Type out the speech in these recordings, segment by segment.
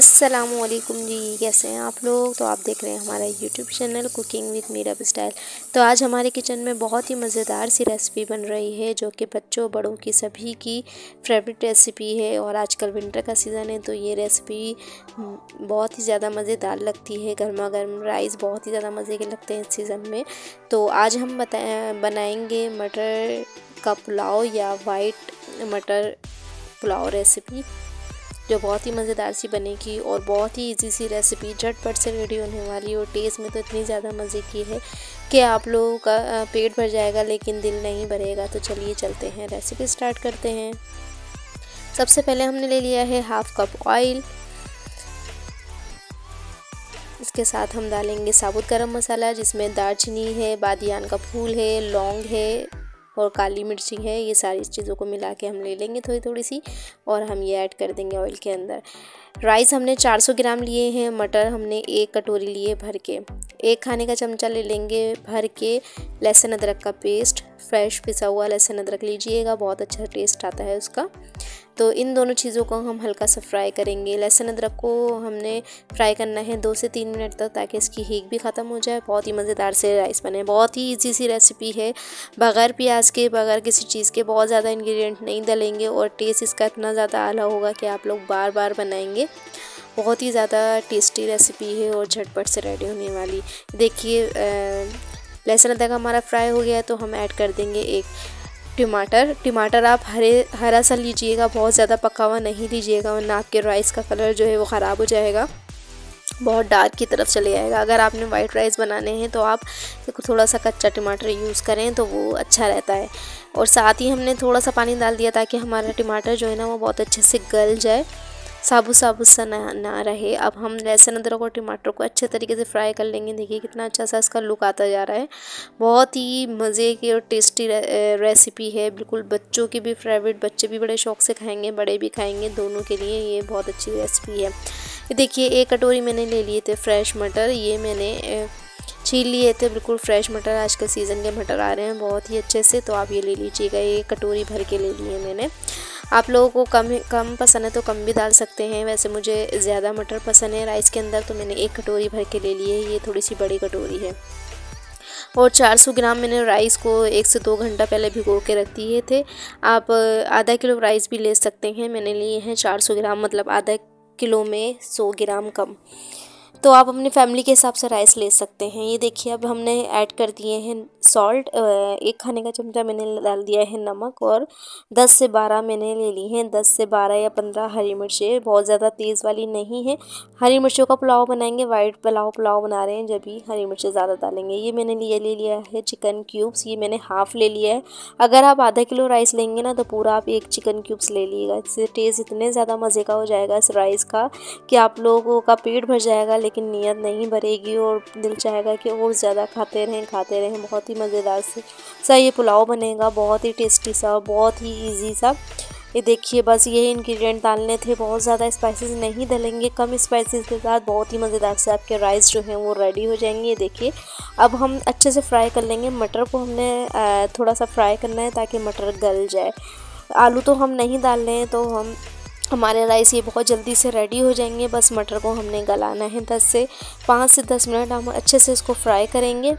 असलकुम जी कैसे हैं आप लोग तो आप देख रहे हैं हमारा YouTube channel cooking with Meerab style तो आज हमारे किचन में बहुत ही मज़ेदार सी रेसिपी बन रही है जो कि बच्चों बड़ों की सभी की फेवरेट रेसिपी है और आजकल विंटर का सीज़न है तो ये रेसिपी हम्म, बहुत ही ज़्यादा मज़ेदार लगती है गर्मा गर्म राइस बहुत ही ज़्यादा मज़े के लगते हैं इस सीज़न में तो आज हम बनाएंगे बनाएँगे मटर का पुलाव या वाइट मटर पुलाव रेसिपी जो बहुत ही मज़ेदार सी बनेगी और बहुत ही इजी सी रेसिपी झटपट से रेडी होने वाली और टेस्ट में तो इतनी ज़्यादा मज़े की है कि आप लोगों का पेट भर जाएगा लेकिन दिल नहीं भरेगा तो चलिए चलते हैं रेसिपी स्टार्ट करते हैं सबसे पहले हमने ले लिया है हाफ़ कप ऑयल इसके साथ हम डालेंगे साबुत गरम मसाला जिसमें दालचीनी है बादियान का फूल है लौंग है और काली मिर्ची है ये सारी चीज़ों को मिला के हम ले लेंगे थोड़ी थोड़ी सी और हम ये ऐड कर देंगे ऑयल के अंदर राइस हमने 400 ग्राम लिए हैं मटर हमने एक कटोरी लिए भर के एक खाने का चमचा ले लेंगे भर के लहसुन अदरक का पेस्ट फ्रेश पिसा हुआ लहसुन अदरक लीजिएगा बहुत अच्छा टेस्ट आता है उसका तो इन दोनों चीज़ों को हम हल्का सा फ्राई करेंगे लहसुन अदरक को हमने फ्राई करना है दो से तीन मिनट तक ताकि इसकी हीक भी ख़त्म हो जाए बहुत ही मज़ेदार से राइस बने बहुत ही ईजी सी रेसिपी है बगैर प्याज के बगैर किसी चीज़ के बहुत ज़्यादा इन्ग्रीडियंट नहीं डलेंगे और टेस्ट इसका इतना ज़्यादा आला होगा कि आप लोग बार बार बनाएंगे बहुत ही ज़्यादा टेस्टी रेसिपी है और झटपट से रेडी होने वाली देखिए लहसुन अदरक हमारा फ्राई हो गया है तो हम ऐड कर देंगे एक टमाटर टमाटर आप हरे हरा सा लीजिएगा बहुत ज़्यादा पका हुआ नहीं लीजिएगा वरना आपके राइस का कलर जो है वो ख़राब हो जाएगा बहुत डार्क की तरफ चले जाएगा अगर आपने वाइट राइस बनाने हैं तो आप थोड़ा सा कच्चा टमाटर यूज़ करें तो वो अच्छा रहता है और साथ ही हमने थोड़ा सा पानी डाल दिया ताकि हमारा टमाटर जो है ना वो बहुत अच्छे से गल जाए साबुत साबुत सा ना ना रहे अब हम लहसुन अदरक और टमाटर को अच्छे तरीके से फ्राई कर लेंगे देखिए कितना अच्छा सा इसका लुक आता जा रहा है बहुत ही मज़े की और टेस्टी रे, रेसिपी है बिल्कुल बच्चों की भी फेवरेट बच्चे भी बड़े शौक से खाएंगे बड़े भी खाएंगे दोनों के लिए ये बहुत अच्छी रेसिपी है देखिए एक कटोरी मैंने ले लिए थे फ्रेश मटर ये मैंने छील लिए थे बिल्कुल फ्रेश मटर आज के सीज़न के मटर आ रहे हैं बहुत ही अच्छे से तो आप ये ले लीजिएगा ये कटोरी भर के ले लिए मैंने आप लोगों को कम कम पसंद है तो कम भी डाल सकते हैं वैसे मुझे ज़्यादा मटर पसंद है राइस के अंदर तो मैंने एक कटोरी भर के ले ली है ये थोड़ी सी बड़ी कटोरी है और 400 ग्राम मैंने राइस को एक से दो घंटा पहले भिगो के रख दिए थे आप आधा किलो राइस भी ले सकते हैं मैंने लिए हैं 400 ग्राम मतलब आधा किलो में 100 ग्राम कम तो आप अपने फैमिली के हिसाब से राइस ले सकते हैं ये देखिए अब हमने ऐड कर दिए हैं सॉल्ट एक खाने का चमचा मैंने डाल दिया है नमक और 10 से 12 मैंने ले ली हैं 10 से 12 या 15 हरी मिर्चें बहुत ज़्यादा तेज़ वाली नहीं है हरी मिर्चों का पुलाव बनाएंगे वाइट पुलाव पुलाव बना रहे हैं जब भी हरी मिर्चें ज़्यादा डालेंगे ये मैंने लिए ले लिया है चिकन क्यूब्स ये मैंने हाफ़ ले लिया है अगर आप आधा किलो राइस लेंगे ना तो पूरा आप एक चिकन क्यूब्स ले लीजिएगा इससे टेस्ट इतने ज़्यादा मज़े का हो जाएगा इस राइस का कि आप लोगों का पेट भर जाएगा लेकिन नीयत नहीं भरेगी और दिल चाहेगा कि और ज़्यादा खाते रहें खाते रहें बहुत ही मज़ेदार से सा ये पुलाव बनेगा बहुत ही टेस्टी सा बहुत ही ईजी सा ये देखिए बस यही इंग्रेडिएंट डालने थे बहुत ज़्यादा स्पाइसेस नहीं डलेंगे कम स्पाइसेस के साथ बहुत ही मज़ेदार से आपके राइस जो हैं वो रेडी हो जाएंगे ये देखिए अब हम अच्छे से फ्राई कर लेंगे मटर को हमने थोड़ा सा फ्राई करना है ताकि मटर गल जाए आलू तो हम नहीं डाल रहे हैं तो हम हमारे राइस ये बहुत जल्दी से रेडी हो जाएंगे बस मटर को हमने गलाना है दस से पाँच से दस मिनट हम अच्छे से इसको फ्राई करेंगे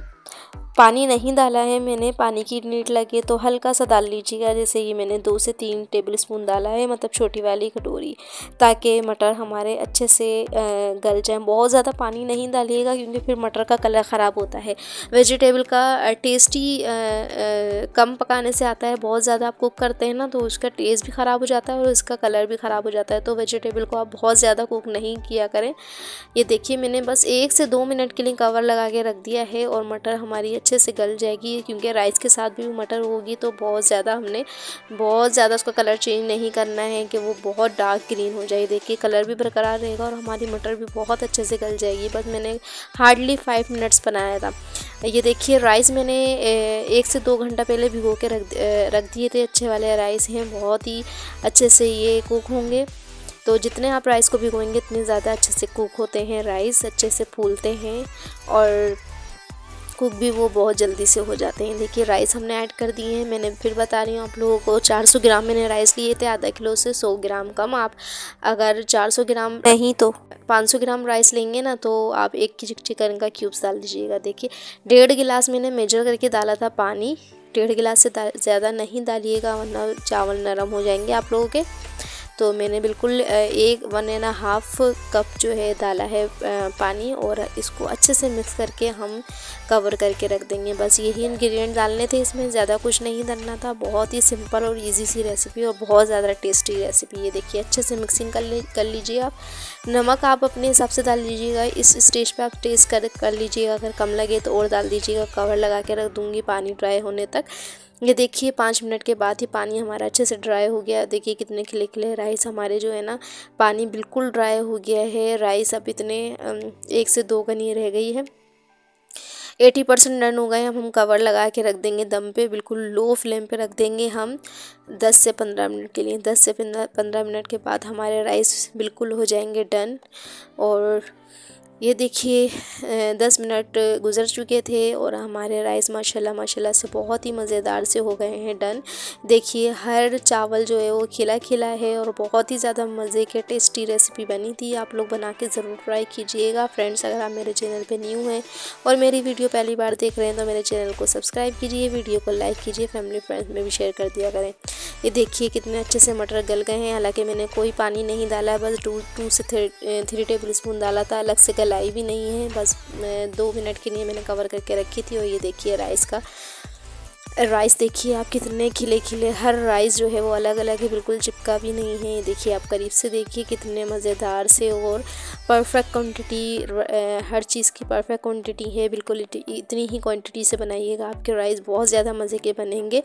पानी नहीं डाला है मैंने पानी की नीट लगे तो हल्का सा डाल लीजिएगा जैसे ये मैंने दो से तीन टेबल स्पून डाला है मतलब छोटी वाली कटोरी ताकि मटर हमारे अच्छे से गल जाए बहुत ज़्यादा पानी नहीं डालिएगा क्योंकि फिर मटर का कलर ख़राब होता है वेजिटेबल का टेस्ट ही कम पकाने से आता है बहुत ज़्यादा आप कुक करते हैं ना तो उसका टेस्ट भी ख़राब हो जाता है और इसका कलर भी ख़राब हो जाता है तो वेजिटेबल को आप बहुत ज़्यादा कुक नहीं किया करें ये देखिए मैंने बस एक से दो मिनट के लिए कवर लगा के रख दिया है और मटर हमारी अच्छे से गल जाएगी क्योंकि राइस के साथ भी मटर होगी तो बहुत ज़्यादा हमने बहुत ज़्यादा उसका कलर चेंज नहीं करना है कि वो बहुत डार्क ग्रीन हो जाए देखिए कलर भी बरकरार रहेगा और हमारी मटर भी बहुत अच्छे से गल जाएगी बस मैंने हार्डली फाइव मिनट्स बनाया था ये देखिए राइस मैंने एक से दो घंटा पहले भिगो के रख रख दिए थे अच्छे वाले राइस हैं बहुत ही अच्छे से ये कुक होंगे तो जितने आप राइस को भिगोएंगे उतने ज़्यादा अच्छे से कुक होते हैं राइस अच्छे से फूलते हैं और कुक भी वो बहुत जल्दी से हो जाते हैं देखिए राइस हमने ऐड कर दिए हैं मैंने फिर बता रही हूँ आप लोगों को 400 ग्राम मैंने राइस लिए थे आधा किलो से 100 ग्राम कम आप अगर 400 ग्राम नहीं तो 500 ग्राम राइस लेंगे ना तो आप एक चिकन का क्यूब्स डाल दीजिएगा देखिए डेढ़ गिलास मैंने मेजर करके डाला था पानी डेढ़ गिलास से ज़्यादा नहीं डालिएगा वरना चावल नरम हो जाएंगे आप लोगों के तो मैंने बिल्कुल एक वन एंड हाफ कप जो है डाला है पानी और इसको अच्छे से मिक्स करके हम कवर करके रख देंगे बस यही इन्ग्रीडियंट डालने थे इसमें ज़्यादा कुछ नहीं डालना था बहुत ही सिंपल और इजी सी रेसिपी और बहुत ज़्यादा टेस्टी रेसिपी ये देखिए अच्छे से मिक्सिंग कर कर लीजिए आप नमक आप अपने हिसाब से डाल लीजिएगा इस स्टेज पर आप टेस्ट कर कर लीजिएगा अगर कम लगे तो और डाल दीजिएगा कवर लगा के रख दूँगी पानी ड्राई होने तक ये देखिए पाँच मिनट के बाद ही पानी हमारा अच्छे से ड्राई हो गया देखिए कितने खिले खिले राइस हमारे जो है ना पानी बिल्कुल ड्राई हो गया है राइस अब इतने एक से दो गनी रह गई है एटी परसेंट डन हो गए हम हम कवर लगा के रख देंगे दम पे बिल्कुल लो फ्लेम पे रख देंगे हम दस से पंद्रह मिनट के लिए दस से पंद्रह मिनट के बाद हमारे राइस बिल्कुल हो जाएंगे डन और ये देखिए दस मिनट गुज़र चुके थे और हमारे राइस माशाल्लाह माशाल्लाह से बहुत ही मज़ेदार से हो गए हैं डन देखिए हर चावल जो है वो खिला खिला है और बहुत ही ज़्यादा मज़े के टेस्टी रेसिपी बनी थी आप लोग बना के ज़रूर ट्राई कीजिएगा फ्रेंड्स अगर आप मेरे चैनल पर न्यू हैं और मेरी वीडियो पहली बार देख रहे हैं तो मेरे चैनल को सब्सक्राइब कीजिए वीडियो को लाइक कीजिए फैमिली फ्रेंड्स में भी शेयर कर दिया करें ये देखिए कितने अच्छे से मटर गल गए हैं हालांकि मैंने कोई पानी नहीं डाला बस टू टू से थ्री थ्री टेबल स्पून डाला था अलग से गलाई भी नहीं है बस दो मिनट के लिए मैंने कवर करके रखी थी और ये देखिए राइस का राइस देखिए आप कितने खिले खिले हर राइस जो है वो अलग अलग है बिल्कुल चिपका भी नहीं है ये देखिए आप करीब से देखिए कितने मज़ेदार से और परफेक्ट क्वांटिटी हर चीज़ की परफेक्ट क्वांटिटी है बिल्कुल इतनी ही क्वांटिटी से बनाइएगा आपके राइस बहुत ज़्यादा मज़े के बनेंगे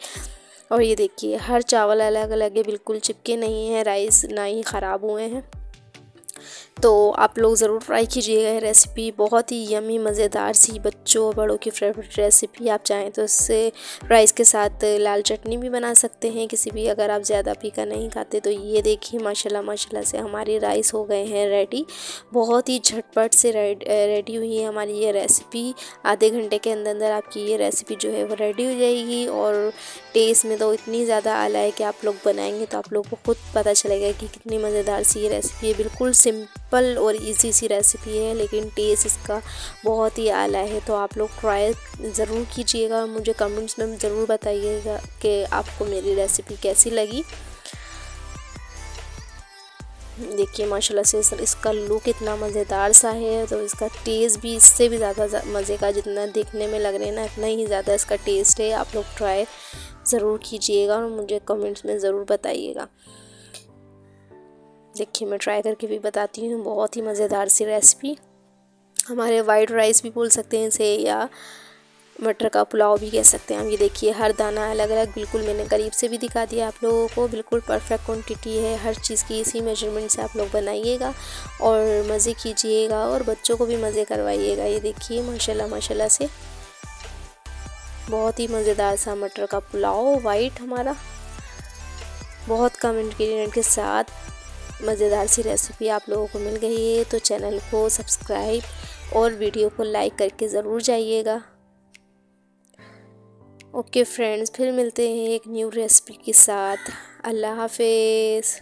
और ये देखिए हर चावल अलग अलग है बिल्कुल चिपके नहीं हैं राइस ना ही ख़राब हुए हैं तो आप लोग ज़रूर ट्राई कीजिएगा ये रेसिपी बहुत ही यमी मज़ेदार सी बच्चों और बड़ों की फेवरेट रेसिपी आप चाहें तो इससे राइस के साथ लाल चटनी भी बना सकते हैं किसी भी अगर आप ज़्यादा पीका नहीं खाते तो ये देखिए माशाल्लाह माशाल्लाह से हमारी राइस हो गए हैं रेडी बहुत ही झटपट से रेडी हुई है हमारी ये रेसिपी आधे घंटे के अंदर अंदर आपकी ये रेसिपी जो है वो रेडी हो जाएगी और टेस्ट में तो इतनी ज़्यादा आला है कि आप लोग बनाएंगे तो आप लोग को खुद पता चलेगा कि कितनी मज़ेदार सी ये रेसिपी है बिल्कुल सिम सिंपल और इजी सी रेसिपी है लेकिन टेस्ट इसका बहुत ही आला है तो आप लोग ट्राई ज़रूर कीजिएगा और मुझे कमेंट्स में ज़रूर बताइएगा कि आपको मेरी रेसिपी कैसी लगी देखिए माशाल्लाह से इसका लुक इतना मज़ेदार सा है तो इसका टेस्ट भी इससे भी ज़्यादा मज़े का जितना देखने में लग रहे हैं ना इतना ही ज़्यादा इसका टेस्ट है आप लोग ट्राई ज़रूर कीजिएगा और मुझे कमेंट्स में ज़रूर बताइएगा देखिए मैं ट्राई करके भी बताती हूँ बहुत ही मज़ेदार सी रेसिपी हमारे वाइट राइस भी बोल सकते हैं इसे या मटर का पुलाव भी कह सकते हैं हम ये देखिए हर दाना अलग अलग बिल्कुल मैंने करीब से भी दिखा दिया आप लोगों को बिल्कुल परफेक्ट क्वांटिटी है हर चीज़ की इसी मेजरमेंट से आप लोग बनाइएगा और मज़े कीजिएगा और बच्चों को भी मज़े करवाइएगा ये देखिए माशाल्लाह माशाल्लाह से बहुत ही मज़ेदार सा मटर का पुलाव वाइट हमारा बहुत कम इन्ग्रीडियंट के साथ मज़ेदार सी रेसिपी आप लोगों को मिल गई है तो चैनल को सब्सक्राइब और वीडियो को लाइक करके ज़रूर जाइएगा ओके फ्रेंड्स फिर मिलते हैं एक न्यू रेसिपी के साथ अल्लाह हाफिज़